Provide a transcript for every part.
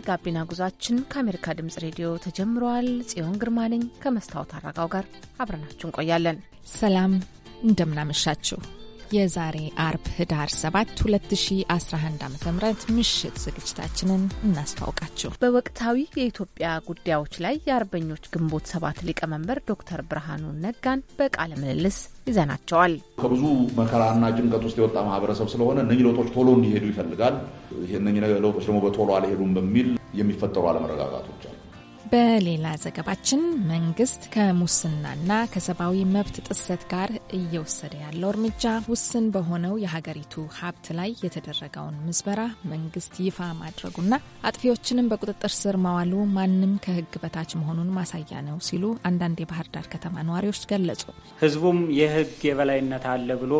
የጋቢና ጉዟችን ከአሜሪካ ድምጽ ሬዲዮ ተጀምረዋል። ጽዮን ግርማ ነኝ ከመስታወት አረጋው ጋር አብረናችሁ እንቆያለን። ሰላም እንደምናመሻችሁ። የዛሬ አርብ ህዳር 7 2011 ዓ.ም ምሽት ዝግጅታችንን እናስታውቃችሁ። በወቅታዊ የኢትዮጵያ ጉዳዮች ላይ የአርበኞች ግንቦት ሰባት ሊቀመንበር ዶክተር ብርሃኑ ነጋን በቃለ ምልልስ ይዘናቸዋል። ከብዙ መከራና ጭንቀት ውስጥ የወጣ ማህበረሰብ ስለሆነ እነኚህ ለውጦች ቶሎ እንዲሄዱ ይፈልጋል። እነኚህ ለውጦች ደግሞ በቶሎ አልሄዱም በሚል የሚፈጠሩ አለመረጋጋቶች በሌላ ዘገባችን መንግስት ከሙስናና ከሰብአዊ መብት ጥሰት ጋር እየወሰደ ያለው እርምጃ ውስን በሆነው የሀገሪቱ ሀብት ላይ የተደረገውን ምዝበራ መንግስት ይፋ ማድረጉና አጥፊዎችንም በቁጥጥር ስር ማዋሉ ማንም ከህግ በታች መሆኑን ማሳያ ነው ሲሉ አንዳንድ የባህር ዳር ከተማ ነዋሪዎች ገለጹ። ህዝቡም የህግ የበላይነት አለ ብሎ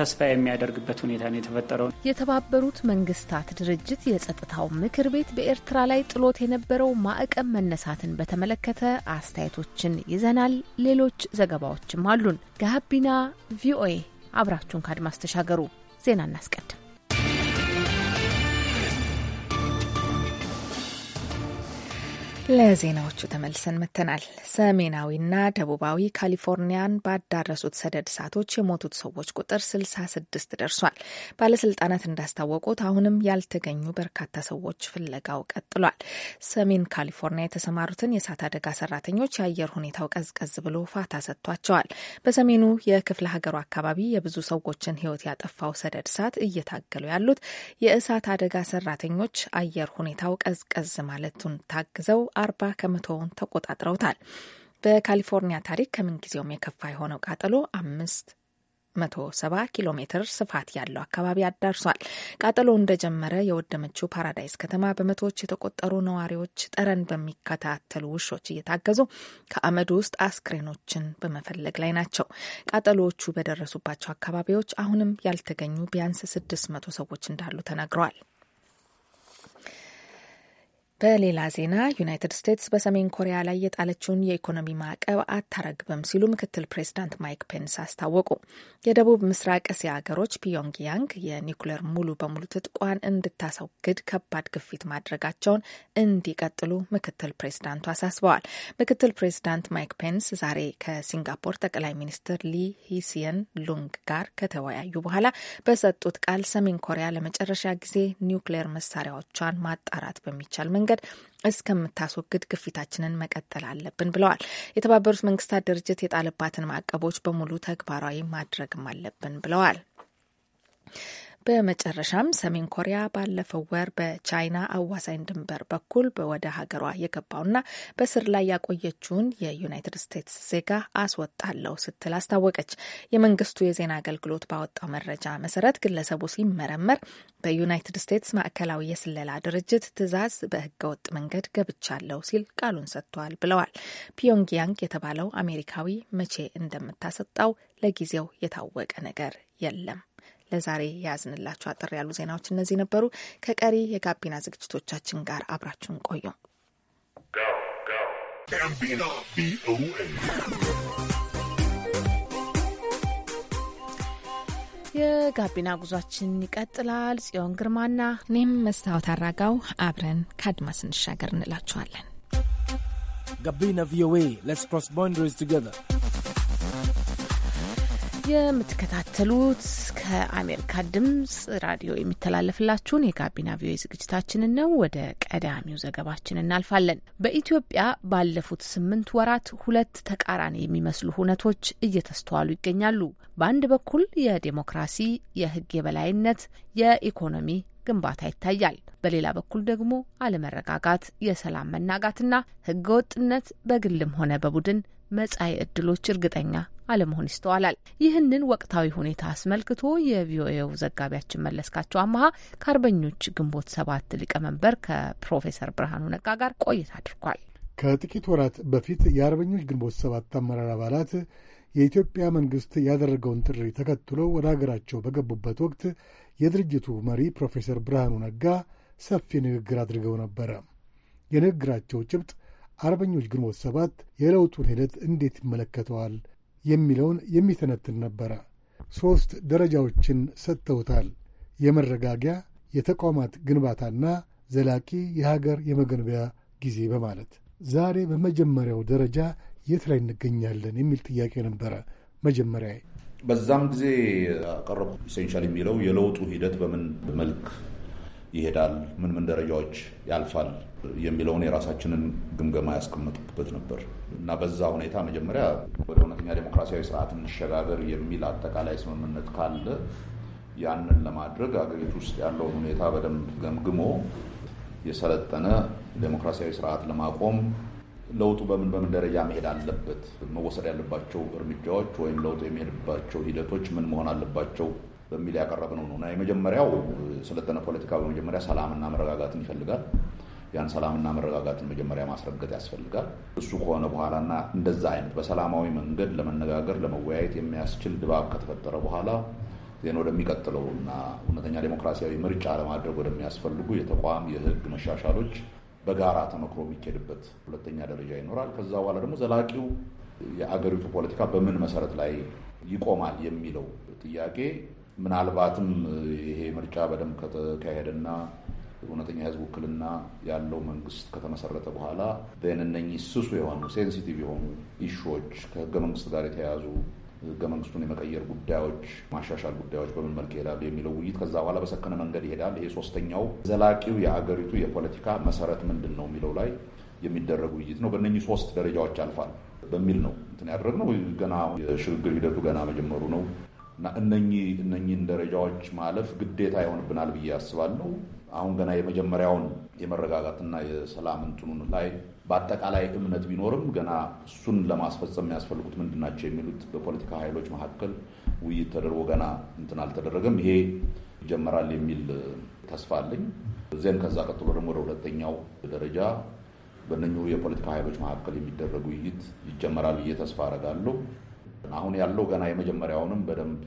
ተስፋ የሚያደርግበት ሁኔታ ነው የተፈጠረው። የተባበሩት መንግስታት ድርጅት የጸጥታው ምክር ቤት በኤርትራ ላይ ጥሎት የነበረው ማዕቀብ መነሳ መነሳትን በተመለከተ አስተያየቶችን ይዘናል። ሌሎች ዘገባዎችም አሉን። ጋቢና ቪኦኤ አብራችሁን ከአድማስ ተሻገሩ። ዜና እናስቀድም። ለዜናዎቹ ተመልሰን መተናል። ሰሜናዊና ደቡባዊ ካሊፎርኒያን ባዳረሱት ሰደድ እሳቶች የሞቱት ሰዎች ቁጥር 66 ደርሷል። ባለስልጣናት እንዳስታወቁት አሁንም ያልተገኙ በርካታ ሰዎች ፍለጋው ቀጥሏል። ሰሜን ካሊፎርኒያ የተሰማሩትን የእሳት አደጋ ሰራተኞች የአየር ሁኔታው ቀዝቀዝ ብሎ ፋታ ሰጥቷቸዋል። በሰሜኑ የክፍለ ሀገሩ አካባቢ የብዙ ሰዎችን ሕይወት ያጠፋው ሰደድ እሳት እየታገሉ ያሉት የእሳት አደጋ ሰራተኞች አየር ሁኔታው ቀዝቀዝ ማለቱን ታግዘው 40 ከመቶውን ተቆጣጥረውታል። በካሊፎርኒያ ታሪክ ከምንጊዜውም የከፋ የሆነው ቃጠሎ አምስት 7 ኪሎ ሜትር ስፋት ያለው አካባቢ አዳርሷል። ቃጠሎ እንደጀመረ የወደመችው ፓራዳይስ ከተማ በመቶዎች የተቆጠሩ ነዋሪዎች ጠረን በሚከታተሉ ውሾች እየታገዙ ከአመዱ ውስጥ አስክሬኖችን በመፈለግ ላይ ናቸው። ቃጠሎዎቹ በደረሱባቸው አካባቢዎች አሁንም ያልተገኙ ቢያንስ 600 ሰዎች እንዳሉ ተናግረዋል። በሌላ ዜና ዩናይትድ ስቴትስ በሰሜን ኮሪያ ላይ የጣለችውን የኢኮኖሚ ማዕቀብ አታረግብም ሲሉ ምክትል ፕሬዚዳንት ማይክ ፔንስ አስታወቁ። የደቡብ ምስራቅ እስያ ሀገሮች ፒዮንግያንግ የኒውክሌር ሙሉ በሙሉ ትጥቋን እንድታስወግድ ከባድ ግፊት ማድረጋቸውን እንዲቀጥሉ ምክትል ፕሬዚዳንቱ አሳስበዋል። ምክትል ፕሬዚዳንት ማይክ ፔንስ ዛሬ ከሲንጋፖር ጠቅላይ ሚኒስትር ሊ ሂሲየን ሉንግ ጋር ከተወያዩ በኋላ በሰጡት ቃል ሰሜን ኮሪያ ለመጨረሻ ጊዜ ኒውክሌር መሳሪያዎቿን ማጣራት በሚቻል መንገድ መንገድ እስከምታስወግድ ግፊታችንን መቀጠል አለብን ብለዋል። የተባበሩት መንግስታት ድርጅት የጣለባትን ማዕቀቦች በሙሉ ተግባራዊ ማድረግም አለብን ብለዋል። በመጨረሻም ሰሜን ኮሪያ ባለፈው ወር በቻይና አዋሳኝ ድንበር በኩል ወደ ሀገሯ የገባውና በስር ላይ ያቆየችውን የዩናይትድ ስቴትስ ዜጋ አስወጣለሁ ስትል አስታወቀች። የመንግስቱ የዜና አገልግሎት ባወጣው መረጃ መሰረት ግለሰቡ ሲመረመር በዩናይትድ ስቴትስ ማዕከላዊ የስለላ ድርጅት ትዕዛዝ በህገወጥ መንገድ ገብቻለሁ ሲል ቃሉን ሰጥቷል ብለዋል። ፒዮንግያንግ የተባለው አሜሪካዊ መቼ እንደምታሰጣው ለጊዜው የታወቀ ነገር የለም። ለዛሬ የያዝንላችሁ አጠር ያሉ ዜናዎች እነዚህ ነበሩ። ከቀሪ የጋቢና ዝግጅቶቻችን ጋር አብራችሁን ቆዩ። የጋቢና ጉዟችን ይቀጥላል። ጽዮን ግርማና እኔም መስታወት አራጋው አብረን ከአድማስ እንሻገር እንላችኋለን። ጋቢና ቪኦኤ ሌትስ ክሮስ ቦንደሪስ ቱጌዘር የምትከታተሉት ከአሜሪካ ድምጽ ራዲዮ የሚተላለፍላችሁን የጋቢና ቪዮ ዝግጅታችንን ነው። ወደ ቀዳሚው ዘገባችን እናልፋለን። በኢትዮጵያ ባለፉት ስምንት ወራት ሁለት ተቃራኒ የሚመስሉ ሁነቶች እየተስተዋሉ ይገኛሉ። በአንድ በኩል የዴሞክራሲ የህግ የበላይነት፣ የኢኮኖሚ ግንባታ ይታያል። በሌላ በኩል ደግሞ አለመረጋጋት፣ የሰላም መናጋትና ህገወጥነት በግልም ሆነ በቡድን መጻኢ ዕድሎች እርግጠኛ አለመሆን ይስተዋላል። ይህንን ወቅታዊ ሁኔታ አስመልክቶ የቪኦኤው ዘጋቢያችን መለስካቸው አመሀ ከአርበኞች ግንቦት ሰባት ሊቀመንበር ከፕሮፌሰር ብርሃኑ ነጋ ጋር ቆይታ አድርጓል። ከጥቂት ወራት በፊት የአርበኞች ግንቦት ሰባት አመራር አባላት የኢትዮጵያ መንግስት ያደረገውን ጥሪ ተከትሎ ወደ ሀገራቸው በገቡበት ወቅት የድርጅቱ መሪ ፕሮፌሰር ብርሃኑ ነጋ ሰፊ ንግግር አድርገው ነበረ። የንግግራቸው ጭብጥ አርበኞች ግንቦት ሰባት የለውጡን ሂደት እንዴት ይመለከተዋል የሚለውን የሚተነትን ነበረ። ሦስት ደረጃዎችን ሰጥተውታል። የመረጋጊያ፣ የተቋማት ግንባታና ዘላቂ የሀገር የመገንቢያ ጊዜ በማለት ዛሬ በመጀመሪያው ደረጃ የት ላይ እንገኛለን የሚል ጥያቄ ነበረ መጀመሪያ በዛም ጊዜ ያቀረቡ ኢሴንሻል የሚለው የለውጡ ሂደት በምን መልክ ይሄዳል፣ ምን ምን ደረጃዎች ያልፋል የሚለውን የራሳችንን ግምገማ ያስቀመጡበት ነበር እና በዛ ሁኔታ መጀመሪያ ወደ እውነተኛ ዴሞክራሲያዊ ስርዓት እንሸጋገር የሚል አጠቃላይ ስምምነት ካለ ያንን ለማድረግ አገሪቱ ውስጥ ያለውን ሁኔታ በደንብ ገምግሞ የሰለጠነ ዴሞክራሲያዊ ስርዓት ለማቆም ለውጡ በምን በምን ደረጃ መሄድ አለበት፣ መወሰድ ያለባቸው እርምጃዎች ወይም ለውጡ የሚሄድባቸው ሂደቶች ምን መሆን አለባቸው በሚል ያቀረብነው ነው እና የመጀመሪያው የሰለጠነ ፖለቲካ በመጀመሪያ ሰላምና መረጋጋትን ይፈልጋል። ያን ሰላምና መረጋጋትን መጀመሪያ ማስረገጥ ያስፈልጋል። እሱ ከሆነ በኋላና እንደዛ አይነት በሰላማዊ መንገድ ለመነጋገር ለመወያየት የሚያስችል ድባብ ከተፈጠረ በኋላ ዜና ወደሚቀጥለው እና እውነተኛ ዴሞክራሲያዊ ምርጫ ለማድረግ ወደሚያስፈልጉ የተቋም የህግ መሻሻሎች በጋራ ተመክሮ የሚኬድበት ሁለተኛ ደረጃ ይኖራል። ከዛ በኋላ ደግሞ ዘላቂው የአገሪቱ ፖለቲካ በምን መሰረት ላይ ይቆማል የሚለው ጥያቄ ምናልባትም ይሄ ምርጫ በደንብ ከተካሄደና እውነተኛ የህዝብ ውክልና ያለው መንግስት ከተመሰረተ በኋላ እነኚህ ስሱ የሆኑ ሴንሲቲቭ የሆኑ ኢሹዎች ከህገ መንግስት ጋር የተያያዙ ህገ መንግስቱን የመቀየር ጉዳዮች፣ ማሻሻል ጉዳዮች በምን መልክ ይሄዳሉ የሚለው ውይይት ከዛ በኋላ በሰከነ መንገድ ይሄዳል። ይሄ ሶስተኛው ዘላቂው የአገሪቱ የፖለቲካ መሰረት ምንድን ነው የሚለው ላይ የሚደረግ ውይይት ነው። በእነኚህ ሶስት ደረጃዎች ያልፋል በሚል ነው እንትን ያደረግነው። ገና የሽግግር ሂደቱ ገና መጀመሩ ነው። እና እነኚህ እነኚህን ደረጃዎች ማለፍ ግዴታ ይሆንብናል ብዬ አስባለሁ። አሁን ገና የመጀመሪያውን የመረጋጋትና የሰላም እንትኑን ላይ በአጠቃላይ እምነት ቢኖርም ገና እሱን ለማስፈጸም የሚያስፈልጉት ምንድናቸው ናቸው የሚሉት በፖለቲካ ኃይሎች መካከል ውይይት ተደርጎ ገና እንትን አልተደረገም። ይሄ ይጀመራል የሚል ተስፋ አለኝ። እዚያም ከዛ ቀጥሎ ደግሞ ወደ ሁለተኛው ደረጃ በእነኚሁ የፖለቲካ ኃይሎች መካከል የሚደረግ ውይይት ይጀመራል ብዬ ተስፋ አረጋለሁ። አሁን ያለው ገና የመጀመሪያውንም በደንብ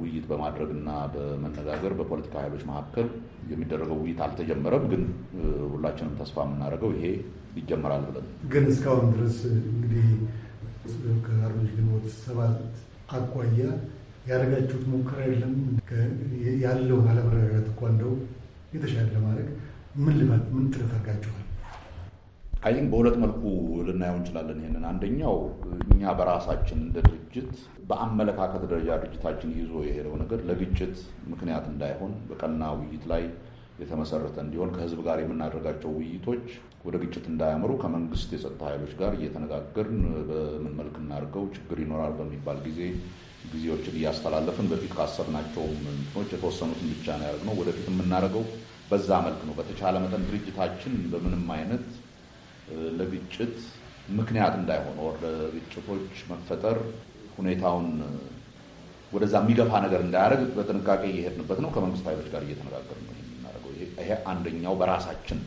ውይይት በማድረግና በመነጋገር በፖለቲካ ኃይሎች መካከል የሚደረገው ውይይት አልተጀመረም። ግን ሁላችንም ተስፋ የምናደርገው ይሄ ይጀመራል ብለን ግን እስካሁን ድረስ እንግዲህ ከአርበኞች ግንቦት ሰባት አኳያ ያደረጋችሁት ሙከራ የለም? ያለውን አለመረጋጋት እኳ እንደው የተሻለ ለማድረግ ምን ልፋት ምን ጥረት አድርጋችኋል? አይን በሁለት መልኩ ልናየው እንችላለን ይሄንን። አንደኛው እኛ በራሳችን እንደ ድርጅት በአመለካከት ደረጃ ድርጅታችን ይዞ የሄደው ነገር ለግጭት ምክንያት እንዳይሆን በቀና ውይይት ላይ የተመሰረተ እንዲሆን ከህዝብ ጋር የምናደርጋቸው ውይይቶች ወደ ግጭት እንዳያምሩ ከመንግስት የጸጥታ ኃይሎች ጋር እየተነጋገርን በምን መልክ እናድርገው ችግር ይኖራል በሚባል ጊዜ ጊዜዎችን እያስተላለፍን በፊት ካሰብናቸው ምኖች የተወሰኑትን ብቻ ነው ያደርግነው። ወደፊት የምናደርገው በዛ መልክ ነው። በተቻለ መጠን ድርጅታችን በምንም አይነት ለግጭት ምክንያት እንዳይሆን ወር ለግጭቶች መፈጠር ሁኔታውን ወደዛ የሚገፋ ነገር እንዳያደርግ በጥንቃቄ እየሄድንበት ነው። ከመንግስት ኃይሎች ጋር እየተነጋገር ነው የምናደርገው። ይሄ አንደኛው በራሳችን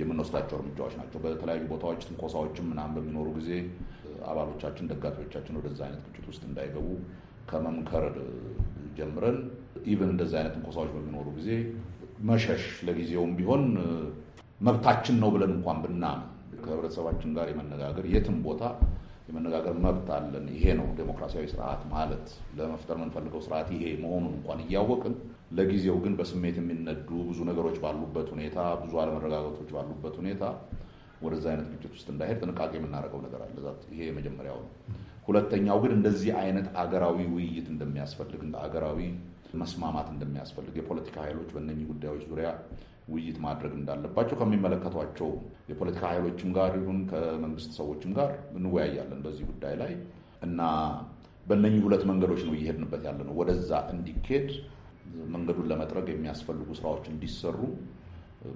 የምንወስዳቸው እርምጃዎች ናቸው። በተለያዩ ቦታዎች ትንኮሳዎችም ምናምን በሚኖሩ ጊዜ አባሎቻችን፣ ደጋፊዎቻችን ወደዛ አይነት ግጭት ውስጥ እንዳይገቡ ከመምከር ጀምረን ኢቨን እንደዚ አይነት ትንኮሳዎች በሚኖሩ ጊዜ መሸሽ ለጊዜውም ቢሆን መብታችን ነው ብለን እንኳን ብናምን ከህብረተሰባችን ጋር የመነጋገር የትም ቦታ የመነጋገር መብት አለን። ይሄ ነው ዴሞክራሲያዊ ስርዓት ማለት። ለመፍጠር የምንፈልገው ስርዓት ይሄ መሆኑን እንኳን እያወቅን ለጊዜው ግን በስሜት የሚነዱ ብዙ ነገሮች ባሉበት ሁኔታ፣ ብዙ አለመረጋጋቶች ባሉበት ሁኔታ ወደዛ አይነት ግጭት ውስጥ እንዳይሄድ ጥንቃቄ የምናደርገው ነገር አለ። ይሄ የመጀመሪያው ነው። ሁለተኛው ግን እንደዚህ አይነት አገራዊ ውይይት እንደሚያስፈልግ፣ እንደ አገራዊ መስማማት እንደሚያስፈልግ የፖለቲካ ኃይሎች በእነኚህ ጉዳዮች ዙሪያ ውይይት ማድረግ እንዳለባቸው ከሚመለከቷቸው የፖለቲካ ኃይሎችም ጋር ይሁን ከመንግስት ሰዎችም ጋር እንወያያለን በዚህ ጉዳይ ላይ እና በእነኚህ ሁለት መንገዶች ነው እየሄድንበት ያለ ነው። ወደዛ እንዲኬድ መንገዱን ለመጥረግ የሚያስፈልጉ ስራዎች እንዲሰሩ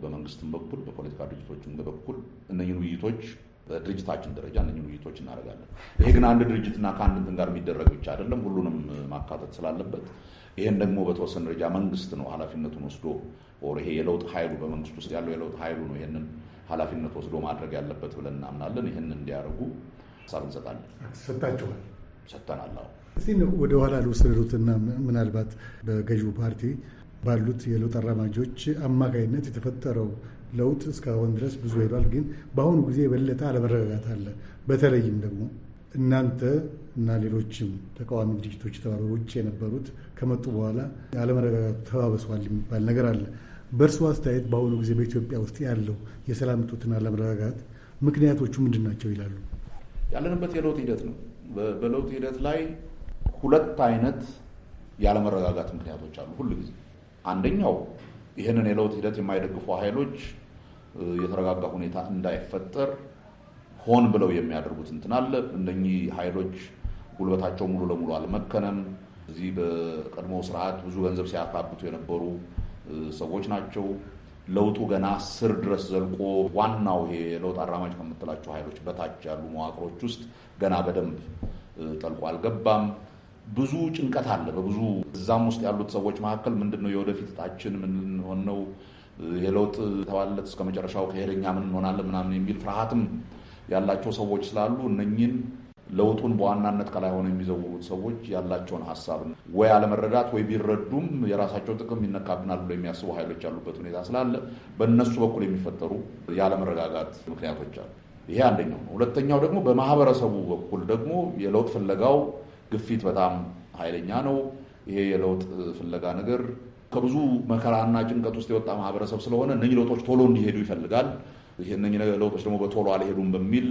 በመንግስትም በኩል በፖለቲካ ድርጅቶችም በኩል እነኝን ውይይቶች በድርጅታችን ደረጃ እነኝን ውይይቶች እናደርጋለን። ይሄ ግን አንድ ድርጅትና ከአንድ እንትን ጋር የሚደረግ ብቻ አይደለም፣ ሁሉንም ማካተት ስላለበት ይሄን ደግሞ በተወሰነ ደረጃ መንግስት ነው ኃላፊነቱን ወስዶ ኦር ይሄ የለውጥ ኃይሉ በመንግስት ውስጥ ያለው የለውጥ ኃይሉ ነው ይህንን ኃላፊነት ወስዶ ማድረግ ያለበት ብለን እናምናለን። ይህንን እንዲያደርጉ ሀሳብ እንሰጣለን። ሰጥታችኋል? ሰጥተናል። እዚህ ወደ ኋላ ልወሰዱትና ምናልባት በገዢው ፓርቲ ባሉት የለውጥ አራማጆች አማካይነት የተፈጠረው ለውጥ እስካሁን ድረስ ብዙ ሄዷል። ግን በአሁኑ ጊዜ የበለጠ አለመረጋጋት አለ። በተለይም ደግሞ እናንተ እና ሌሎችም ተቃዋሚ ድርጅቶች የተባሉ ውጭ የነበሩት ከመጡ በኋላ አለመረጋጋቱ ተባብሷል የሚባል ነገር አለ። በእርሱ አስተያየት በአሁኑ ጊዜ በኢትዮጵያ ውስጥ ያለው የሰላም እጦትና አለመረጋጋት ምክንያቶቹ ምንድን ናቸው ይላሉ? ያለንበት የለውጥ ሂደት ነው። በለውጥ ሂደት ላይ ሁለት አይነት ያለመረጋጋት ምክንያቶች አሉ ሁሉ ጊዜ። አንደኛው ይህንን የለውጥ ሂደት የማይደግፉ ኃይሎች የተረጋጋ ሁኔታ እንዳይፈጠር ሆን ብለው የሚያደርጉት እንትን አለ። እነኚህ ኃይሎች ጉልበታቸው ሙሉ ለሙሉ አልመከነም። እዚህ በቀድሞ ስርዓት ብዙ ገንዘብ ሲያካብቱ የነበሩ ሰዎች ናቸው። ለውጡ ገና ስር ድረስ ዘልቆ ዋናው ይሄ ለውጥ አራማጅ ከምትላቸው ኃይሎች በታች ያሉ መዋቅሮች ውስጥ ገና በደንብ ጠልቆ አልገባም። ብዙ ጭንቀት አለ። በብዙ እዛም ውስጥ ያሉት ሰዎች መካከል ምንድን ነው የወደፊት እጣችን ምን ሆን ነው ተባለት እስከ መጨረሻው ከሄደኛ ምን እንሆናለን ምናምን የሚል ፍርሃትም ያላቸው ሰዎች ስላሉ እነኝን ለውጡን በዋናነት ከላይ ሆነ የሚዘውሩት ሰዎች ያላቸውን ሀሳብ ወይ አለመረዳት ወይ ቢረዱም የራሳቸው ጥቅም ይነካብናል ብሎ የሚያስቡ ኃይሎች ያሉበት ሁኔታ ስላለ በእነሱ በኩል የሚፈጠሩ ያለመረጋጋት ምክንያቶች አሉ። ይሄ አንደኛው ነው። ሁለተኛው ደግሞ በማህበረሰቡ በኩል ደግሞ የለውጥ ፍለጋው ግፊት በጣም ኃይለኛ ነው። ይሄ የለውጥ ፍለጋ ነገር ከብዙ መከራና ጭንቀት ውስጥ የወጣ ማህበረሰብ ስለሆነ እነኚህ ለውጦች ቶሎ እንዲሄዱ ይፈልጋል። ይህ እነኚህ ለውጦች ደግሞ በቶሎ አልሄዱም በሚል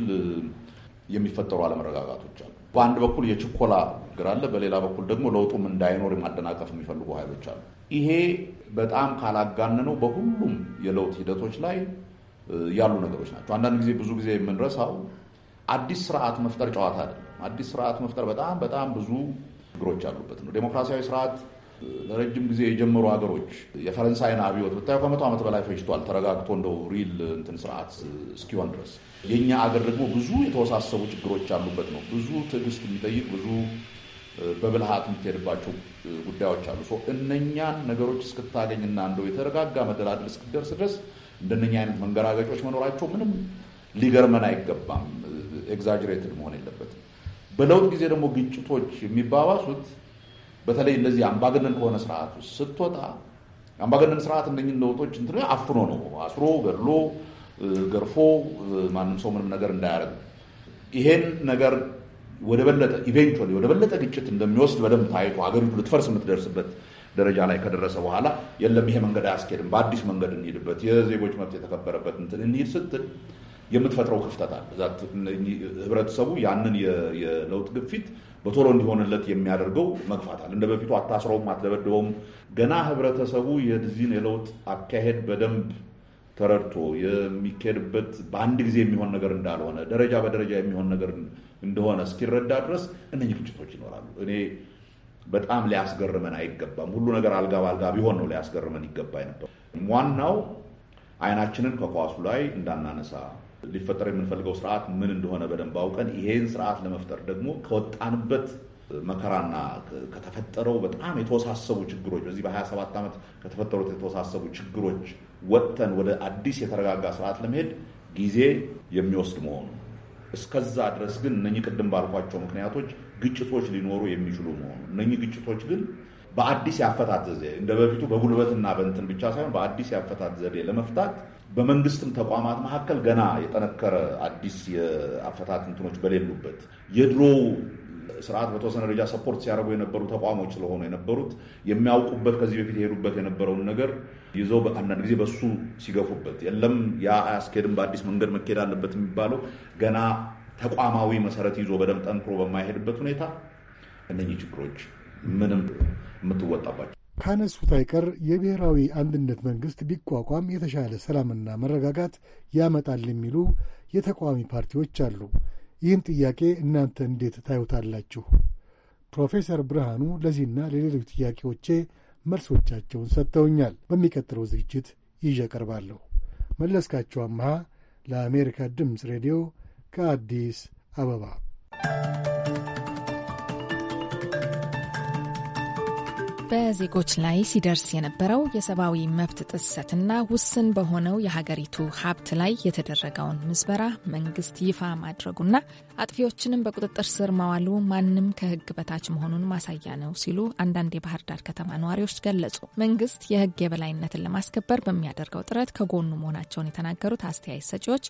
የሚፈጠሩ አለመረጋጋቶች አሉ። በአንድ በኩል የችኮላ ግር አለ፣ በሌላ በኩል ደግሞ ለውጡም እንዳይኖር የማደናቀፍ የሚፈልጉ ኃይሎች አሉ። ይሄ በጣም ካላጋነነው በሁሉም የለውጥ ሂደቶች ላይ ያሉ ነገሮች ናቸው። አንዳንድ ጊዜ ብዙ ጊዜ የምንረሳው አዲስ ስርዓት መፍጠር ጨዋታ አይደለም። አዲስ ስርዓት መፍጠር በጣም በጣም ብዙ ችግሮች አሉበት ነው። ዴሞክራሲያዊ ስርዓት ለረጅም ጊዜ የጀመሩ ሀገሮች የፈረንሳይን አብዮት ብታዩ ከመቶ ዓመት በላይ ፈጅቷል ተረጋግቶ እንደው ሪል እንትን ስርዓት እስኪሆን ድረስ የእኛ አገር ደግሞ ብዙ የተወሳሰቡ ችግሮች ያሉበት ነው። ብዙ ትዕግስት የሚጠይቅ ብዙ በብልሃት የምትሄድባቸው ጉዳዮች አሉ። እነኛን ነገሮች እስክታገኝና እንደው የተረጋጋ መደላደል እስክደርስ ድረስ እንደነኛ አይነት መንገራገጮች መኖራቸው ምንም ሊገርመን አይገባም። ኤግዛጅሬትድ መሆን የለበትም። በለውጥ ጊዜ ደግሞ ግጭቶች የሚባባሱት በተለይ እንደዚህ አምባገነን ከሆነ ስርዓት ውስጥ ስትወጣ አምባገነን ስርዓት እነኝን ለውጦች እንትን አፍኖ ነው አስሮ ገድሎ ገርፎ ማንም ሰው ምንም ነገር እንዳያደርግ ይሄን ነገር ወደ በለጠ ኢቬንቹዋሊ ወደ በለጠ ግጭት እንደሚወስድ በደንብ ታይቶ ሀገሪቱ ልትፈርስ የምትደርስበት ደረጃ ላይ ከደረሰ በኋላ የለም ይሄ መንገድ አያስኬድም፣ በአዲስ መንገድ እንሂድበት፣ የዜጎች መብት የተከበረበት እንትን እንሂድ ስትል የምትፈጥረው ክፍተት አለ። ህብረተሰቡ ያንን የለውጥ ግፊት በቶሎ እንዲሆንለት የሚያደርገው መግፋት አለ። እንደ በፊቱ አታስረውም፣ አትደበድበውም። ገና ህብረተሰቡ የዚህን የለውጥ አካሄድ በደንብ ተረድቶ የሚካሄድበት በአንድ ጊዜ የሚሆን ነገር እንዳልሆነ ደረጃ በደረጃ የሚሆን ነገር እንደሆነ እስኪረዳ ድረስ እነኚህ ግጭቶች ይኖራሉ። እኔ በጣም ሊያስገርመን አይገባም። ሁሉ ነገር አልጋ በአልጋ ቢሆን ነው ሊያስገርመን ይገባ ነበር። ዋናው አይናችንን ከኳሱ ላይ እንዳናነሳ ሊፈጠር የምንፈልገው ስርዓት ምን እንደሆነ በደንብ አውቀን ይሄን ስርዓት ለመፍጠር ደግሞ ከወጣንበት መከራና ከተፈጠረው በጣም የተወሳሰቡ ችግሮች በዚህ በ27 ዓመት ከተፈጠሩት የተወሳሰቡ ችግሮች ወጥተን ወደ አዲስ የተረጋጋ ስርዓት ለመሄድ ጊዜ የሚወስድ መሆኑ እስከዛ ድረስ ግን እነኚህ ቅድም ባልኳቸው ምክንያቶች ግጭቶች ሊኖሩ የሚችሉ መሆኑ እነኚህ ግጭቶች ግን በአዲስ ያፈታት ዘዴ እንደ በፊቱ በጉልበትና በእንትን ብቻ ሳይሆን በአዲስ ያፈታት ዘዴ ለመፍታት በመንግስትም ተቋማት መካከል ገና የጠነከረ አዲስ የአፈታት እንትኖች በሌሉበት የድሮ ስርዓት በተወሰነ ደረጃ ሰፖርት ሲያደርጉ የነበሩ ተቋሞች ስለሆኑ የነበሩት የሚያውቁበት ከዚህ በፊት የሄዱበት የነበረውን ነገር ይዘው አንዳንድ ጊዜ በሱ ሲገፉበት የለም ያ አያስኬድም፣ በአዲስ መንገድ መኬድ አለበት የሚባለው ገና ተቋማዊ መሰረት ይዞ በደንብ ጠንክሮ በማይሄድበት ሁኔታ እነኚህ ችግሮች ምንም የምትወጣባቸው ካነሱት አይቀር የብሔራዊ አንድነት መንግሥት ቢቋቋም የተሻለ ሰላምና መረጋጋት ያመጣል የሚሉ የተቃዋሚ ፓርቲዎች አሉ። ይህን ጥያቄ እናንተ እንዴት ታዩታላችሁ? ፕሮፌሰር ብርሃኑ ለዚህና ለሌሎች ጥያቄዎቼ መልሶቻቸውን ሰጥተውኛል። በሚቀጥለው ዝግጅት ይዤ ቀርባለሁ። መለስካቸው አምሃ ለአሜሪካ ድምፅ ሬዲዮ ከአዲስ አበባ በዜጎች ላይ ሲደርስ የነበረው የሰብአዊ መብት ጥሰትና ውስን በሆነው የሀገሪቱ ሀብት ላይ የተደረገውን ምዝበራ መንግስት ይፋ ማድረጉና አጥፊዎችንም በቁጥጥር ስር ማዋሉ ማንም ከህግ በታች መሆኑን ማሳያ ነው ሲሉ አንዳንድ የባህር ዳር ከተማ ነዋሪዎች ገለጹ። መንግስት የህግ የበላይነትን ለማስከበር በሚያደርገው ጥረት ከጎኑ መሆናቸውን የተናገሩት አስተያየት ሰጪዎች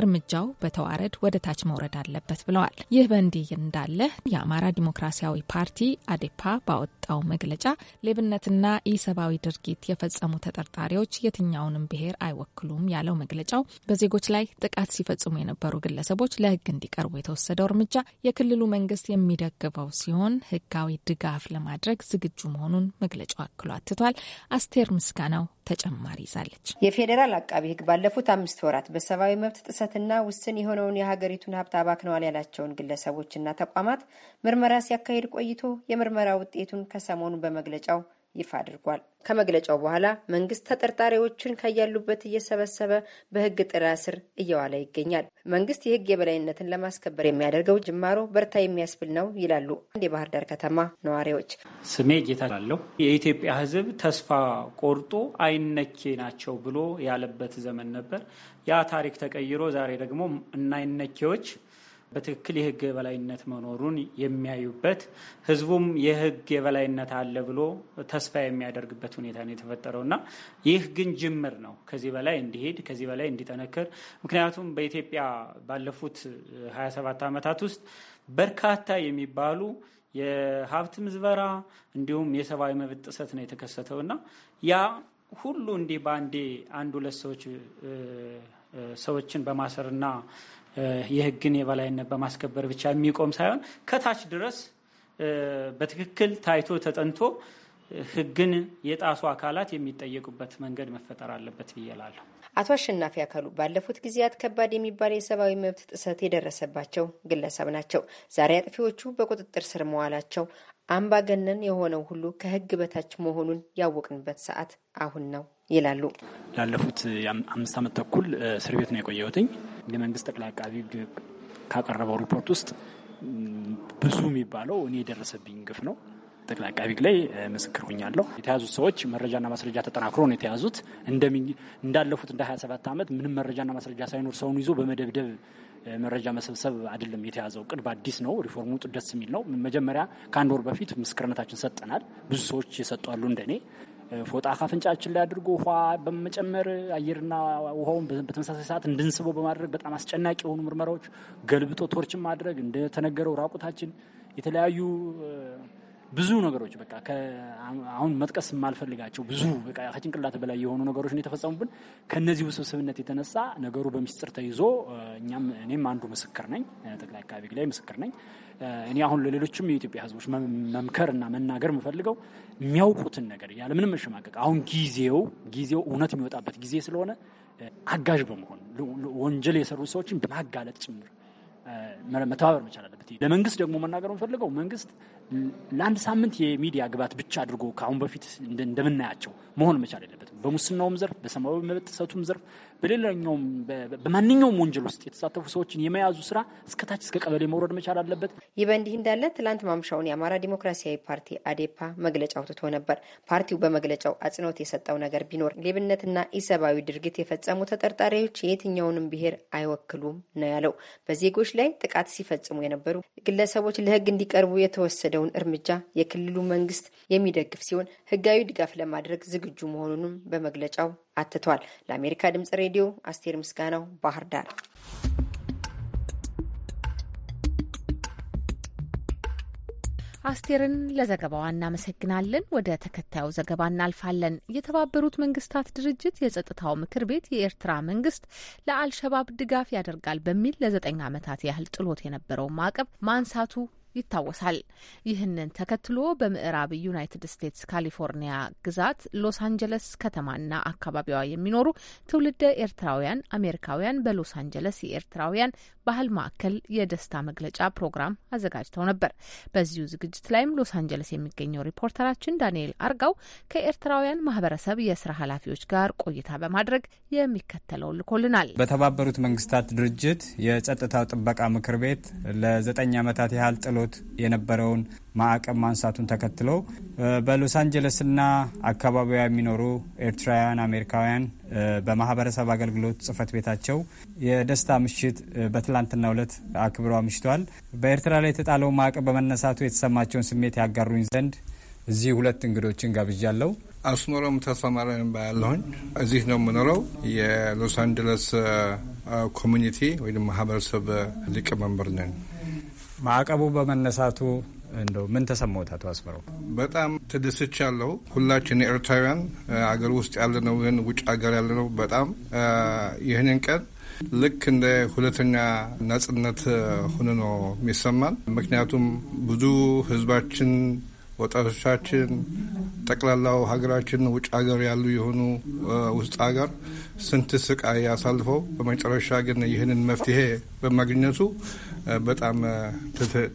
እርምጃው በተዋረድ ወደ ታች መውረድ አለበት ብለዋል። ይህ በእንዲህ እንዳለ የአማራ ዲሞክራሲያዊ ፓርቲ አዴፓ ባወጣው መግለጫ ሌብነትና ኢሰብአዊ ድርጊት የፈጸሙ ተጠርጣሪዎች የትኛውንም ብሔር አይወክሉም ያለው መግለጫው በዜጎች ላይ ጥቃት ሲፈጽሙ የነበሩ ግለሰቦች ለህግ እንዲቀርቡ የተወ የተወሰደው እርምጃ የክልሉ መንግስት የሚደግፈው ሲሆን ህጋዊ ድጋፍ ለማድረግ ዝግጁ መሆኑን መግለጫው አክሎ አትቷል። አስቴር ምስጋናው ተጨማሪ ይዛለች። የፌዴራል አቃቢ ህግ ባለፉት አምስት ወራት በሰብአዊ መብት ጥሰትና ውስን የሆነውን የሀገሪቱን ሀብት አባክነዋል ያላቸውን ግለሰቦችና ተቋማት ምርመራ ሲያካሂድ ቆይቶ የምርመራ ውጤቱን ከሰሞኑ በመግለጫው ይፋ አድርጓል። ከመግለጫው በኋላ መንግስት ተጠርጣሪዎችን ከያሉበት እየሰበሰበ በህግ ጥላ ስር እየዋለ ይገኛል። መንግስት የህግ የበላይነትን ለማስከበር የሚያደርገው ጅማሮ በርታ የሚያስብል ነው ይላሉ አንድ የባህር ዳር ከተማ ነዋሪዎች። ስሜ ጌታ ላለው የኢትዮጵያ ህዝብ ተስፋ ቆርጦ አይነኬ ናቸው ብሎ ያለበት ዘመን ነበር። ያ ታሪክ ተቀይሮ ዛሬ ደግሞ እናይነኬዎች በትክክል የህግ የበላይነት መኖሩን የሚያዩበት ህዝቡም የህግ የበላይነት አለ ብሎ ተስፋ የሚያደርግበት ሁኔታ ነው የተፈጠረው እና ይህ ግን ጅምር ነው። ከዚህ በላይ እንዲሄድ ከዚህ በላይ እንዲጠነክር ምክንያቱም በኢትዮጵያ ባለፉት 27 ዓመታት ውስጥ በርካታ የሚባሉ የሀብት ምዝበራ እንዲሁም የሰብአዊ መብት ጥሰት ነው የተከሰተው እና ያ ሁሉ እንዲህ በአንዴ አንድ ሁለት ሰዎች ሰዎችን በማሰርና የህግን የበላይነት በማስከበር ብቻ የሚቆም ሳይሆን ከታች ድረስ በትክክል ታይቶ ተጠንቶ ህግን የጣሱ አካላት የሚጠየቁበት መንገድ መፈጠር አለበት ብዬ አቶ አሸናፊ አካሉ ባለፉት ጊዜያት ከባድ የሚባል የሰብአዊ መብት ጥሰት የደረሰባቸው ግለሰብ ናቸው። ዛሬ አጥፊዎቹ በቁጥጥር ስር መዋላቸው አምባገነን የሆነው ሁሉ ከህግ በታች መሆኑን ያወቅንበት ሰዓት አሁን ነው ይላሉ። ላለፉት አምስት ዓመት ተኩል እስር ቤት ነው የቆየሁትኝ የመንግስት ጠቅላይ አቃቢ ካቀረበው ሪፖርት ውስጥ ብዙ የሚባለው እኔ የደረሰብኝ ግፍ ነው። ጠቅላይ አቃቢ ላይ ምስክር ሆኛለሁ። የተያዙት ሰዎች መረጃና ማስረጃ ተጠናክሮ ነው የተያዙት። እንዳለፉት እንደ 27 ዓመት ምንም መረጃና ማስረጃ ሳይኖር ሰውን ይዞ በመደብደብ መረጃ መሰብሰብ አይደለም የተያዘው። ቅድ በአዲስ ነው። ሪፎርሙ ደስ የሚል ነው። መጀመሪያ ከአንድ ወር በፊት ምስክርነታችን ሰጠናል። ብዙ ሰዎች የሰጧሉ እንደኔ ፎጣ ካፍንጫችን ላይ አድርጎ ውሃ በመጨመር አየርና ውሃውን በተመሳሳይ ሰዓት እንድንስበው በማድረግ በጣም አስጨናቂ የሆኑ ምርመራዎች፣ ገልብጦ ቶርችን ማድረግ፣ እንደተነገረው ራቁታችን፣ የተለያዩ ብዙ ነገሮች በቃ አሁን መጥቀስ የማልፈልጋቸው ብዙ ከጭንቅላት በላይ የሆኑ ነገሮች የተፈጸሙብን። ከእነዚህ ውስብስብነት የተነሳ ነገሩ በሚስጥር ተይዞ እኛም እኔም አንዱ ምስክር ነኝ፣ ጠቅላይ አካባቢ ላይ ምስክር ነኝ። እኔ አሁን ለሌሎችም የኢትዮጵያ ሕዝቦች መምከር እና መናገር የምፈልገው የሚያውቁትን ነገር እያለ ምንም መሸማቀቅ አሁን ጊዜው ጊዜው እውነት የሚወጣበት ጊዜ ስለሆነ አጋዥ በመሆን ወንጀል የሰሩ ሰዎችን በማጋለጥ ጭምር መተባበር መቻል አለበት። ለመንግስት ደግሞ መናገር የምፈልገው መንግስት ለአንድ ሳምንት የሚዲያ ግባት ብቻ አድርጎ ከአሁን በፊት እንደምናያቸው መሆን መቻል የለበትም። በሙስናውም ዘርፍ፣ በሰማዊ መብት ጥሰቱም ዘርፍ፣ በሌላኛውም በማንኛውም ወንጀል ውስጥ የተሳተፉ ሰዎችን የመያዙ ስራ እስከታች እስከ ቀበሌ መውረድ መቻል አለበት። ይህ በእንዲህ እንዳለ ትላንት ማምሻውን የአማራ ዲሞክራሲያዊ ፓርቲ አዴፓ መግለጫ አውጥቶ ነበር። ፓርቲው በመግለጫው አጽንኦት የሰጠው ነገር ቢኖር ሌብነትና ኢሰብአዊ ድርጊት የፈጸሙ ተጠርጣሪዎች የትኛውንም ብሔር አይወክሉም ነው ያለው። በዜጎች ላይ ጥቃት ሲፈጽሙ የነበሩ ግለሰቦች ለህግ እንዲቀርቡ የተወሰደውን እርምጃ የክልሉ መንግስት የሚደግፍ ሲሆን ህጋዊ ድጋፍ ለማድረግ ዝግጁ መሆኑንም በመግለጫው አትቷል። ለአሜሪካ ድምጽ ሬዲዮ አስቴር ምስጋናው ባህር ዳር። አስቴርን ለዘገባዋ እናመሰግናለን። ወደ ተከታዩ ዘገባ እናልፋለን። የተባበሩት መንግስታት ድርጅት የጸጥታው ምክር ቤት የኤርትራ መንግስት ለአልሸባብ ድጋፍ ያደርጋል በሚል ለዘጠኝ ዓመታት ያህል ጥሎት የነበረው ማዕቀብ ማንሳቱ ይታወሳል። ይህንን ተከትሎ በምዕራብ ዩናይትድ ስቴትስ ካሊፎርኒያ ግዛት ሎስ አንጀለስ ከተማና አካባቢዋ የሚኖሩ ትውልደ ኤርትራውያን አሜሪካውያን በሎስ አንጀለስ የኤርትራውያን ባህል ማዕከል የደስታ መግለጫ ፕሮግራም አዘጋጅተው ነበር። በዚሁ ዝግጅት ላይም ሎስ አንጀለስ የሚገኘው ሪፖርተራችን ዳንኤል አርጋው ከኤርትራውያን ማህበረሰብ የስራ ኃላፊዎች ጋር ቆይታ በማድረግ የሚከተለው ልኮልናል። በተባበሩት መንግስታት ድርጅት የጸጥታው ጥበቃ ምክር ቤት ለዘጠኝ ዓመታት ያህል ጥሎ ተጥሎት የነበረውን ማዕቀብ ማንሳቱን ተከትሎ በሎስ አንጀለስና አካባቢዋ የሚኖሩ ኤርትራውያን አሜሪካውያን በማህበረሰብ አገልግሎት ጽህፈት ቤታቸው የደስታ ምሽት በትላንትና ዕለት አክብሮ አምሽተዋል። በኤርትራ ላይ የተጣለው ማዕቀብ በመነሳቱ የተሰማቸውን ስሜት ያጋሩኝ ዘንድ እዚህ ሁለት እንግዶችን ጋብዣለሁ። አስኖረም ተሰማረን ባያለሁኝ እዚህ ነው የምኖረው። የሎስ አንጀለስ ኮሚኒቲ ወይም ማህበረሰብ ሊቀመንበር ነን። ማዕቀቡ በመነሳቱ እንደው ምን ተሰማዎት አቶ አስመረው? በጣም ተደስቻለሁ። ሁላችን ኤርትራውያን አገር ውስጥ ያለነው ይህን ውጭ ሀገር ያለነው በጣም ይህንን ቀን ልክ እንደ ሁለተኛ ነጻነት ሆኖ ነው የሚሰማን። ምክንያቱም ብዙ ህዝባችን ወጣቶቻችን ጠቅላላው ሀገራችን ውጭ ሀገር ያሉ የሆኑ ውስጥ ሀገር ስንት ስቃይ አሳልፈው በመጨረሻ ግን ይህንን መፍትሄ በማግኘቱ በጣም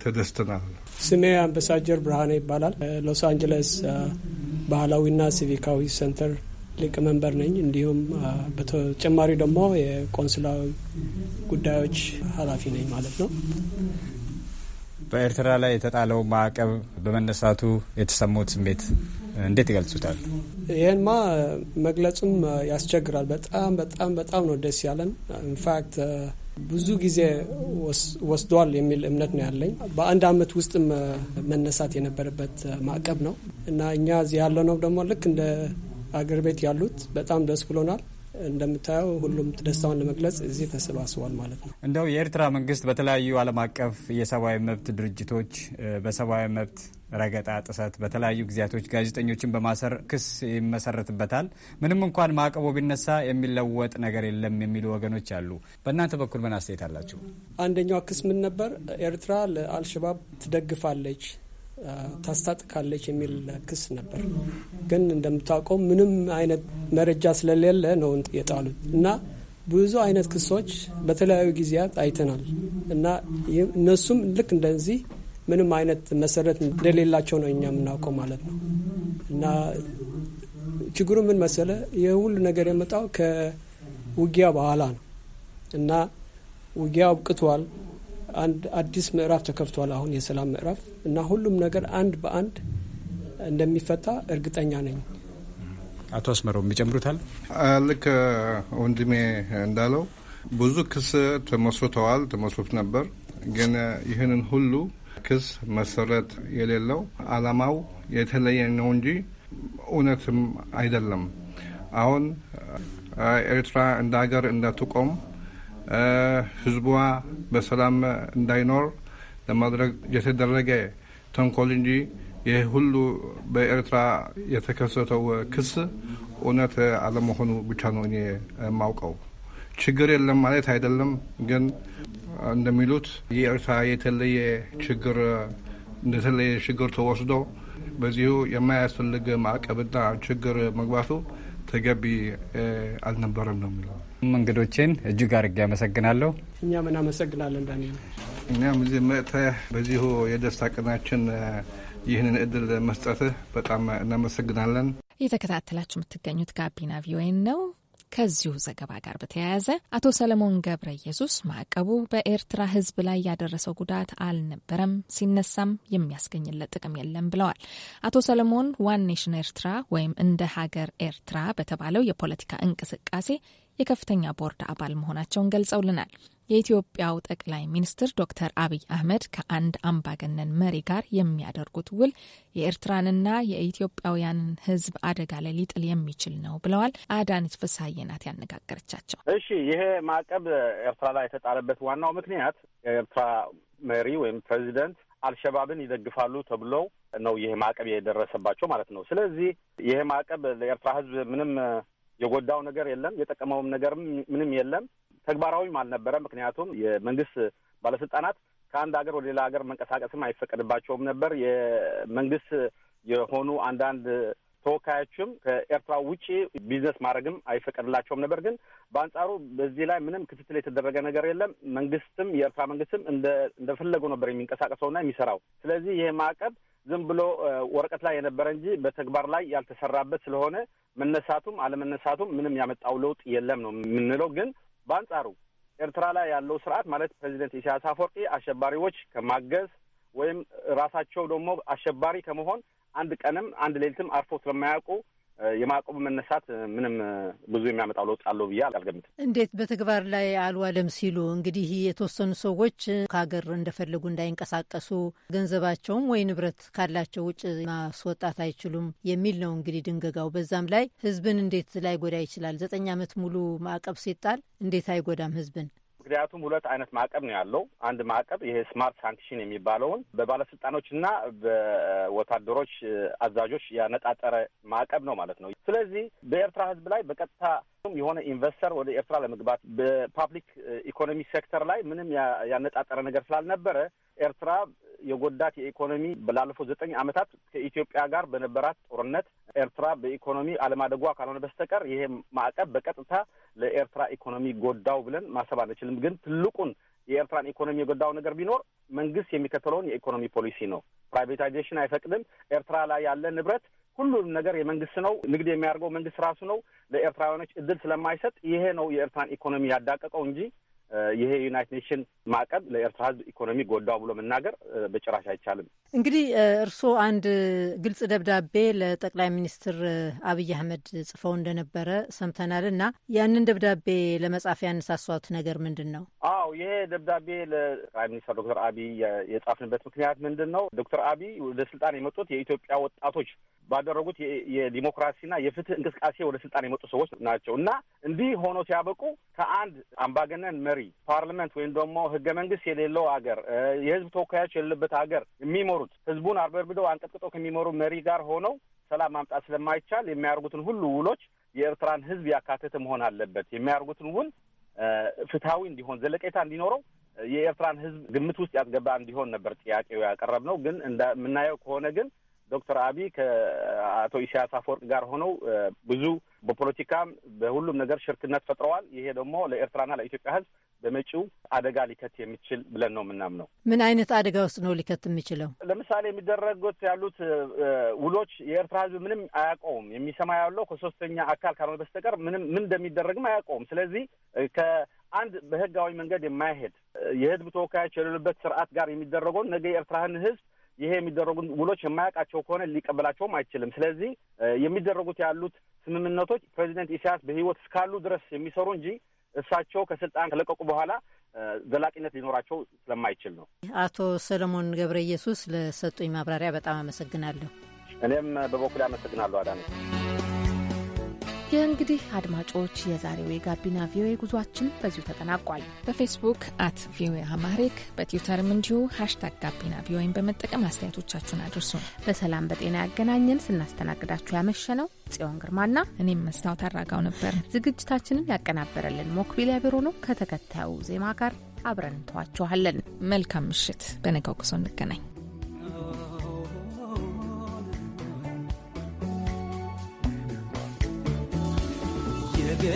ተደስተናል። ስሜ አምባሳጀር ብርሃኔ ይባላል። ሎስ አንጀለስ ባህላዊና ሲቪካዊ ሴንተር ሊቀመንበር ነኝ። እንዲሁም በተጨማሪ ደግሞ የቆንስላዊ ጉዳዮች ኃላፊ ነኝ ማለት ነው። በኤርትራ ላይ የተጣለው ማዕቀብ በመነሳቱ የተሰሙት ስሜት እንዴት ይገልጹታል? ይህንማ መግለጹም ያስቸግራል። በጣም በጣም በጣም ነው ደስ ያለን ኢንፋክት ብዙ ጊዜ ወስዷል የሚል እምነት ነው ያለኝ። በአንድ አመት ውስጥ መነሳት የነበረበት ማዕቀብ ነው እና እኛ እዚህ ያለነው ደግሞ ልክ እንደ አገር ቤት ያሉት በጣም ደስ ብሎናል። እንደምታየው ሁሉም ደስታውን ለመግለጽ እዚህ ተሰባስቧል ማለት ነው። እንደው የኤርትራ መንግስት በተለያዩ ዓለም አቀፍ የሰብአዊ መብት ድርጅቶች በሰብአዊ መብት ረገጣ፣ ጥሰት በተለያዩ ጊዜያቶች ጋዜጠኞችን በማሰር ክስ ይመሰረትበታል። ምንም እንኳን ማዕቀቡ ቢነሳ የሚለወጥ ነገር የለም የሚሉ ወገኖች አሉ። በእናንተ በኩል ምን አስተያየት አላችሁ? አንደኛው ክስ ምን ነበር? ኤርትራ ለአልሸባብ ትደግፋለች ታስታጥቃለች የሚል ክስ ነበር። ግን እንደምታውቀው ምንም አይነት መረጃ ስለሌለ ነው የጣሉት እና ብዙ አይነት ክሶች በተለያዩ ጊዜያት አይተናል እና እነሱም ልክ እንደዚህ ምንም አይነት መሰረት እንደሌላቸው ነው እኛ የምናውቀው ማለት ነው። እና ችግሩ ምን መሰለ፣ የሁሉ ነገር የመጣው ከውጊያ በኋላ ነው እና ውጊያ አብቅቷል። አንድ አዲስ ምዕራፍ ተከፍቷል። አሁን የሰላም ምዕራፍ እና ሁሉም ነገር አንድ በአንድ እንደሚፈታ እርግጠኛ ነኝ። አቶ አስመረው የሚጨምሩታል። ልክ ወንድሜ እንዳለው ብዙ ክስ ተመስርተዋል፣ ተመስርቶ ነበር ግን ይህንን ሁሉ ክስ መሰረት የሌለው አላማው የተለየ ነው እንጂ እውነትም አይደለም። አሁን ኤርትራ እንደ ሀገር እንዳትቆም ህዝቧ በሰላም እንዳይኖር ለማድረግ የተደረገ ተንኮል እንጂ ይህ ሁሉ በኤርትራ የተከሰተው ክስ እውነት አለመሆኑ ብቻ ነው እኔ የማውቀው። ችግር የለም ማለት አይደለም ግን እንደሚሉት የኤርትራ የተለየ ችግር እንደተለየ ችግር ተወስዶ በዚሁ የማያስፈልግ ማዕቀብና ችግር መግባቱ ተገቢ አልነበረም ነው የሚለው። እንግዶቼን እጅግ አድርጌ አመሰግናለሁ። እኛም እናመሰግናለን ዳንኤል። እኛም እዚህ መጥተህ በዚሁ የደስታ ቀናችን ይህንን እድል መስጠትህ በጣም እናመሰግናለን። እየተከታተላችሁ የምትገኙት ጋቢና ቪኦኤ ነው። ከዚሁ ዘገባ ጋር በተያያዘ አቶ ሰለሞን ገብረ ኢየሱስ ማዕቀቡ በኤርትራ ሕዝብ ላይ ያደረሰው ጉዳት አልነበረም፣ ሲነሳም የሚያስገኝለት ጥቅም የለም ብለዋል። አቶ ሰለሞን ዋን ኔሽን ኤርትራ ወይም እንደ ሀገር ኤርትራ በተባለው የፖለቲካ እንቅስቃሴ የከፍተኛ ቦርድ አባል መሆናቸውን ገልጸውልናል። የኢትዮጵያው ጠቅላይ ሚኒስትር ዶክተር አብይ አህመድ ከአንድ አምባገነን መሪ ጋር የሚያደርጉት ውል የኤርትራንና የኢትዮጵያውያንን ሕዝብ አደጋ ላይ ሊጥል የሚችል ነው ብለዋል። አዳነች ፍስሀዬ ናት ያነጋገረቻቸው። እሺ፣ ይሄ ማዕቀብ ኤርትራ ላይ የተጣለበት ዋናው ምክንያት የኤርትራ መሪ ወይም ፕሬዚደንት አልሸባብን ይደግፋሉ ተብሎ ነው ይህ ማዕቀብ የደረሰባቸው ማለት ነው። ስለዚህ ይሄ ማዕቀብ ለኤርትራ ህዝብ ምንም የጎዳው ነገር የለም፣ የጠቀመውም ነገር ምንም የለም። ተግባራዊም አልነበረ። ምክንያቱም የመንግስት ባለስልጣናት ከአንድ ሀገር ወደ ሌላ ሀገር መንቀሳቀስም አይፈቀድባቸውም ነበር። የመንግስት የሆኑ አንዳንድ ተወካዮችም ከኤርትራ ውጪ ቢዝነስ ማድረግም አይፈቀድላቸውም ነበር። ግን በአንጻሩ በዚህ ላይ ምንም ክትትል የተደረገ ነገር የለም። መንግስትም የኤርትራ መንግስትም እንደፈለገው ነበር የሚንቀሳቀሰውና የሚሰራው። ስለዚህ ይሄ ማዕቀብ ዝም ብሎ ወረቀት ላይ የነበረ እንጂ በተግባር ላይ ያልተሰራበት ስለሆነ መነሳቱም አለመነሳቱም ምንም ያመጣው ለውጥ የለም ነው የምንለው። ግን በአንጻሩ ኤርትራ ላይ ያለው ስርዓት ማለት ፕሬዚደንት ኢሳያስ አፈወርቂ አሸባሪዎች ከማገዝ ወይም ራሳቸው ደግሞ አሸባሪ ከመሆን አንድ ቀንም አንድ ሌሊትም አርፎ ስለማያውቁ የማዕቀቡ መነሳት ምንም ብዙ የሚያመጣው ለውጥ አለው ብዬ አልገምትም። እንዴት በተግባር ላይ አልዋለም ሲሉ እንግዲህ የተወሰኑ ሰዎች ከሀገር እንደፈለጉ እንዳይንቀሳቀሱ ገንዘባቸውም ወይ ንብረት ካላቸው ውጭ ማስወጣት አይችሉም የሚል ነው እንግዲህ ድንገጋው። በዛም ላይ ህዝብን እንዴት ላይጎዳ ይችላል? ዘጠኝ ዓመት ሙሉ ማዕቀብ ሲጣል እንዴት አይጎዳም ህዝብን? ምክንያቱም ሁለት አይነት ማዕቀብ ነው ያለው። አንድ ማዕቀብ ይሄ ስማርት ሳንክሽን የሚባለውን እና በወታደሮች አዛዦች ያነጣጠረ ማዕቀብ ነው ማለት ነው። ስለዚህ በኤርትራ ህዝብ ላይ በቀጥታ የሆነ ኢንቨስተር ወደ ኤርትራ ለመግባት በፓብሊክ ኢኮኖሚ ሴክተር ላይ ምንም ያነጣጠረ ነገር ስላልነበረ ኤርትራ የጎዳት የኢኮኖሚ ላለፉት ዘጠኝ ዓመታት ከኢትዮጵያ ጋር በነበራት ጦርነት ኤርትራ በኢኮኖሚ አለማደጓ ካልሆነ በስተቀር ይሄ ማዕቀብ በቀጥታ ለኤርትራ ኢኮኖሚ ጎዳው ብለን ማሰብ አንችልም። ግን ትልቁን የኤርትራን ኢኮኖሚ የጎዳው ነገር ቢኖር መንግስት የሚከተለውን የኢኮኖሚ ፖሊሲ ነው። ፕራይቬታይዜሽን አይፈቅድም። ኤርትራ ላይ ያለ ንብረት ሁሉም ነገር የመንግስት ነው። ንግድ የሚያደርገው መንግስት ራሱ ነው። ለኤርትራውያኖች እድል ስለማይሰጥ ይሄ ነው የኤርትራን ኢኮኖሚ ያዳቀቀው እንጂ ይሄ ዩናይት ኔሽን ማዕቀብ ለኤርትራ ህዝብ ኢኮኖሚ ጎዳው ብሎ መናገር በጭራሽ አይቻልም። እንግዲህ እርስዎ አንድ ግልጽ ደብዳቤ ለጠቅላይ ሚኒስትር አብይ አህመድ ጽፈው እንደነበረ ሰምተናል እና ያንን ደብዳቤ ለመጻፍ ያነሳሷት ነገር ምንድን ነው? አዎ ይሄ ደብዳቤ ለጠቅላይ ሚኒስትር ዶክተር አብይ የጻፍንበት ምክንያት ምንድን ነው? ዶክተር አብይ ወደ ስልጣን የመጡት የኢትዮጵያ ወጣቶች ባደረጉት የዲሞክራሲና የፍትህ እንቅስቃሴ ወደ ስልጣን የመጡ ሰዎች ናቸው እና እንዲህ ሆኖ ሲያበቁ ከአንድ አምባገነን መሪ መሪ ፓርላመንት ወይም ደግሞ ህገ መንግስት የሌለው ሀገር የህዝብ ተወካዮች የሌለበት ሀገር የሚመሩት ህዝቡን አርበርብደው አንቀጥቅጠው ከሚመሩ መሪ ጋር ሆነው ሰላም ማምጣት ስለማይቻል የሚያደርጉትን ሁሉ ውሎች የኤርትራን ህዝብ ያካተተ መሆን አለበት። የሚያደርጉትን ውል ፍትሐዊ እንዲሆን ዘለቄታ እንዲኖረው የኤርትራን ህዝብ ግምት ውስጥ ያስገባ እንዲሆን ነበር ጥያቄው ያቀረብ ነው። ግን እንደምናየው ከሆነ ግን ዶክተር አብይ ከአቶ ኢሳያስ አፈወርቅ ጋር ሆነው ብዙ በፖለቲካም በሁሉም ነገር ሽርክነት ፈጥረዋል። ይሄ ደግሞ ለኤርትራና ለኢትዮጵያ ህዝብ በመጪው አደጋ ሊከት የሚችል ብለን ነው የምናምነው። ምን አይነት አደጋ ውስጥ ነው ሊከት የሚችለው? ለምሳሌ የሚደረጉት ያሉት ውሎች የኤርትራ ሕዝብ ምንም አያውቀውም። የሚሰማ ያለው ከሶስተኛ አካል ካልሆነ በስተቀር ምንም ምን እንደሚደረግም አያውቀውም። ስለዚህ ከአንድ በህጋዊ መንገድ የማይሄድ የህዝብ ተወካዮች የሌሉበት ስርዓት ጋር የሚደረገውን ነገ የኤርትራን ሕዝብ ይሄ የሚደረጉ ውሎች የማያውቃቸው ከሆነ ሊቀበላቸውም አይችልም። ስለዚህ የሚደረጉት ያሉት ስምምነቶች ፕሬዚደንት ኢሳያስ በህይወት እስካሉ ድረስ የሚሰሩ እንጂ እሳቸው ከስልጣን ከለቀቁ በኋላ ዘላቂነት ሊኖራቸው ስለማይችል ነው። አቶ ሰለሞን ገብረ ኢየሱስ ለሰጡኝ ማብራሪያ በጣም አመሰግናለሁ። እኔም በበኩል አመሰግናለሁ አዳነች። የእንግዲህ አድማጮች የዛሬው የጋቢና ቪኦኤ ጉዟችን በዚሁ ተጠናቋል። በፌስቡክ አት ቪኦኤ አማሪክ በትዊተርም እንዲሁ ሀሽታግ ጋቢና ቪኦኤን በመጠቀም አስተያየቶቻችሁን አድርሱ። በሰላም በጤና ያገናኘን። ስናስተናግዳችሁ ያመሸ ነው ጽዮን ግርማና እኔም መስታወት አራጋው ነበር። ዝግጅታችንን ያቀናበረልን ሞክቢል ያቢሮ ነው። ከተከታዩ ዜማ ጋር አብረን እንተዋችኋለን። መልካም ምሽት። በነገው ጉዞ እንገናኝ።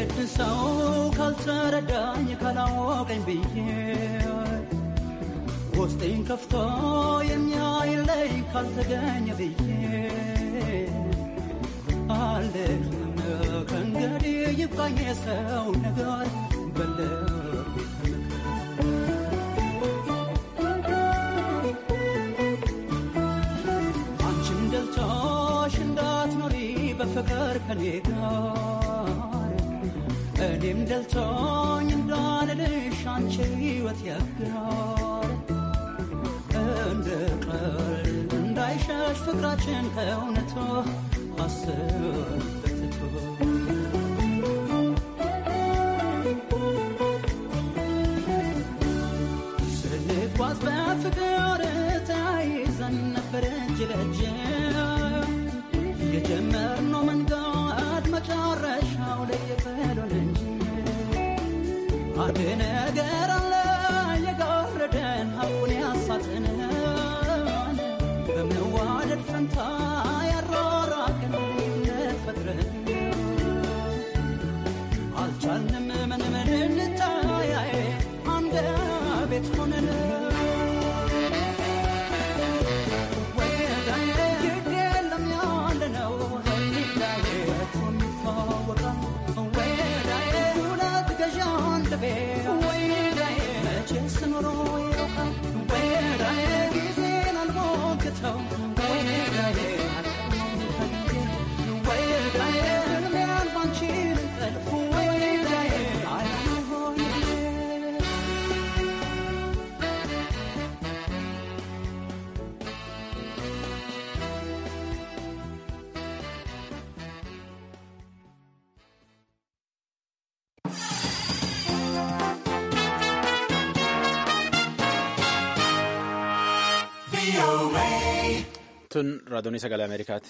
የግድ ሰው ካልተረዳኝ ካላወቀኝ ብዬ ውስጤን ከፍቶ የሚያይለይ ካልተገኘ ብዬ አለ ከእንግዲህ ይብቃኝ ሰው ነገር በለ ፍቅር ከኔ ጋር ሸንከውነቶ አስበትቶ Tun raadonni sagalee Ameerikaati.